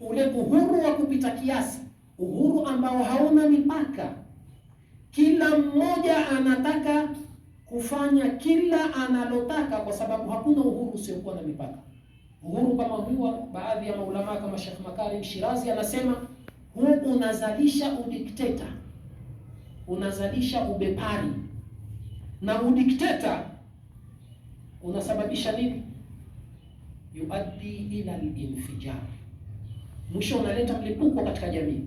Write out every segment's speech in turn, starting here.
ule uhuru wa kupita kiasi, uhuru ambao hauna mipaka. Kila mmoja anataka kufanya kila analotaka, kwa sababu hakuna uhuru usiokuwa na mipaka. Uhuru kama huwa, baadhi ya maulama kama Sheikh Makarim Shirazi anasema huu unazalisha udikteta, unazalisha ubepari, na udikteta unasababisha nini? Yuaddi ila linfijari mwisho unaleta mlipuko katika jamii,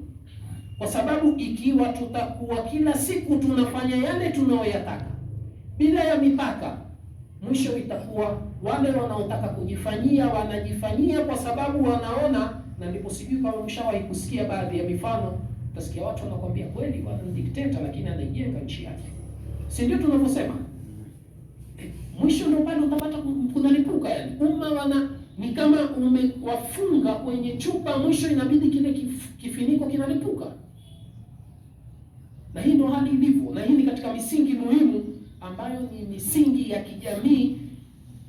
kwa sababu ikiwa tutakuwa kila siku tunafanya yale tunayoyataka bila ya mipaka, mwisho itakuwa wale wanaotaka kujifanyia wanajifanyia kwa sababu wanaona. Na ndipo sijui kama mshawahi kusikia baadhi ya mifano, utasikia watu wanakwambia kweli bwana ni dikteta, lakini anaijenga nchi yake, si ndio tunavyosema? Mwisho ndio pale utapata kunalipuka, yani umma wana ni kama umewafunga kwenye chupa, mwisho inabidi kile kif, kifiniko kinalipuka. Na hii ndio hali ilivyo, na hii ni katika misingi muhimu ambayo ni misingi ya kijamii,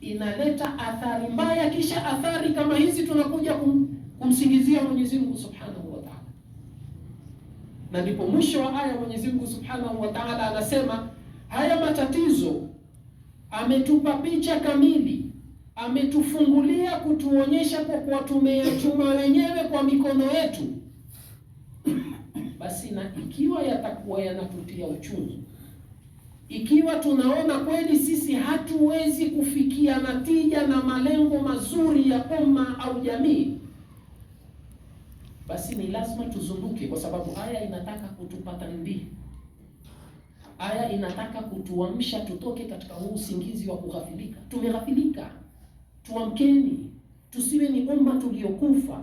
inaleta athari mbaya, kisha athari kama hizi tunakuja kum, kumsingizia Mwenyezi Mungu Subhanahu wa Ta'ala, na ndipo mwisho wa aya Mwenyezi Mungu Subhanahu wa Ta'ala anasema haya matatizo ametupa picha kamili ametufungulia kutuonyesha kwa kuwa tumeyachuma wenyewe kwa mikono yetu. Basi na ikiwa yatakuwa yanatutia uchungu, ikiwa tunaona kweli sisi hatuwezi kufikia natija na malengo mazuri ya umma au jamii, basi ni lazima tuzunguke, kwa sababu haya inataka kutupata ndii Aya inataka kutuamsha tutoke katika huu usingizi wa kughafilika. Tumeghafilika. Tuamkeni, tusiwe ni umma tuliokufa,